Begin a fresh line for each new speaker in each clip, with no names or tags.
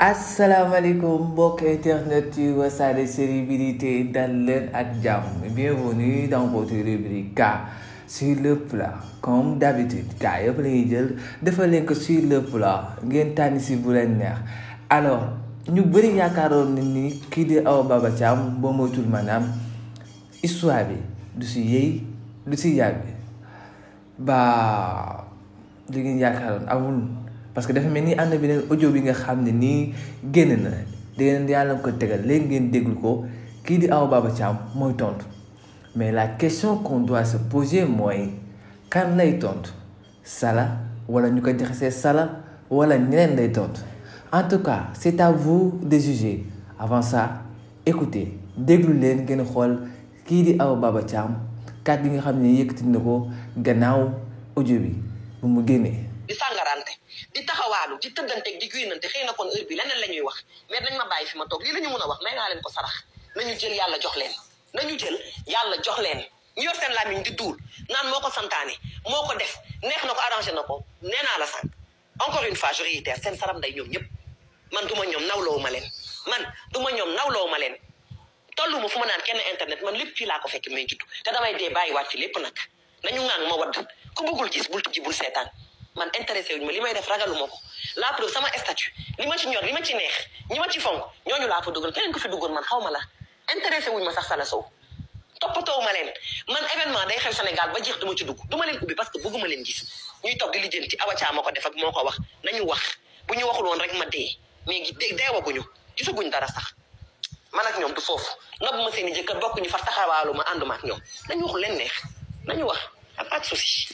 asalaamaaleykum mbokk internet yu Wassare Célébrité dal leen ak jàmm bienvenue dans votre rubrique K sur le plat comme d'habitude K yëpp la ñuy jël dafa leen ko sur le plat ngeen tànn si bu leen neex ñu bari yaakaaroon na ni kii di Awa Baba Thiam ba moytul maanaam histoire bi du si yëy du si yàbbi ba li ngeen yaakaaroon amul parce que dafa mel ni ànd bi audio bi nga xam ne nii génn na dangeen ko ngeen ko di Baba mais la question qu'on doit se poser mooy kan lay tontu Sala wala ñu ko jaxasee Sala wala ñeneen lay en tout cas c'est à vous de juger avant ça écoutez déglu leen ngeen xool kii di Awa Baba Thiam kàddu bi nga xam ne yëkkati gannaaw audio
di taxawalu ci tëddanteeg di guinante xeyna kon heure bi lenen lañuy wax mais dañ ma bàyyi fi ma tok li lañu mëna wax may naa len ko sarax nañu jël yàlla jox len nañu jël yàlla jox len ñu yor sen lamine di duul nan moko santane moko def neex nako arranger nako neena la sànq encore une fois je réitère sen saram day ñom ñep man duma ñom nawlo nawloo ma leen man duma ñom nawlo nawloo ma leen tollu ma fu ma kenn internet man lépp fii la ko fekk may juddu te damay dé bayyi wat fi lépp nak nañu ngang ma wad ku bëggul gis bul tijji bul seetaan man intéressé wuñu ma li may def ragalu ma ko la preuve sama statut li ma ci ñor li ma ci neex ñi ma ci fonk ñooñu laa fa dugal keneen ko fi dugal man xaw ma la intéressé wuñu ma sax Salla Sow toppatoo ma leen man événement day xew Sénégal ba jeex duma ci dugg duma leen ubbi parce que bëgguma leen gis ñuy toog di lijjanti awacaa ma ko def ak moo ko wax nañu wax bu ñu waxul woon rek ma dee mais deewaguñu gisaguñ dara sax man ak ñoom du foofu nopp ma seen i jëkkër bokkuñu far taxawaalu ma ànduma ak ñoom nañu wax leen neex nañu wax ak pas de souci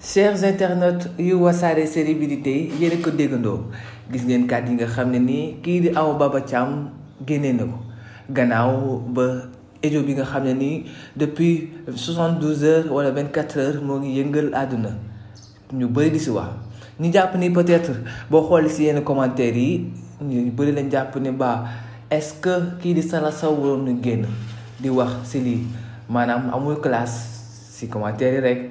chers internautes yu wasaare célébrité yéen a ko déggandoo gis ngeen kàddu yi nga xam ne nii kii di Awa Baba Thiam génnee na ko gannaaw ba éjo bi nga xam ne nii depuis 72 heures wala 24 heures moo ngi yëngal àdduna ñu bëri di wax ñu jàpp ni peut-être boo xool si yenn commentaires yi ñu bëri lañ jàpp ni ba est-ce que kii di Salla Sow waroon na génn di wax si lii maanaam amul classe si commentaire yi rek.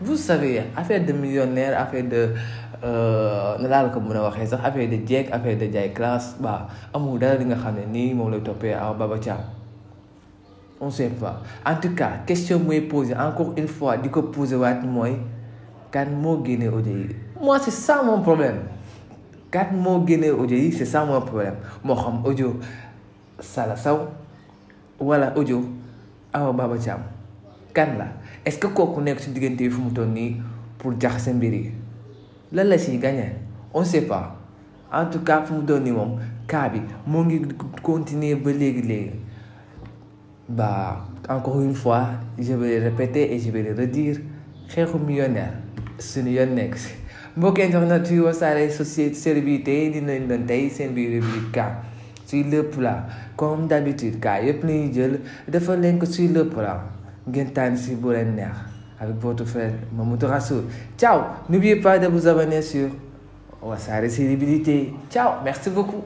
vous savez affaire de millionnaire affaire de euh, na laal ko mën a waxee sax affaire de jeeg affaire de jaay classe ba amul dara li nga xam ne nii moom lay toppee à Baba Thiam on sait pas en tout cas question mooy posé encore une fois di ko posé waat mooy kan moo génnee audio yi moi c'est ça mon problème kan moo génnee audio yi c'est ça mon problème moo xam audio Sala Saw wala audio aw Baba Thiam kan la est-ce que kooku nekk ci diggante de fu pour Jacques mbir yi lan la gagné on sait pas en tout cas fu mu vous nii bi ngi continuer ba encore une fois je vais le répéter et je vais le redire un millionnaire suñu yoon nekk si société dinañ tey seen biir bi cas le plat comme d'habitude cas yëpp lañuy jël defal leen le Gentil, tànn si bu avec votre frère Mamadou Rassoul ciao n'oubliez pas de vous abonner sur Wassare Célébrité ciao merci beaucoup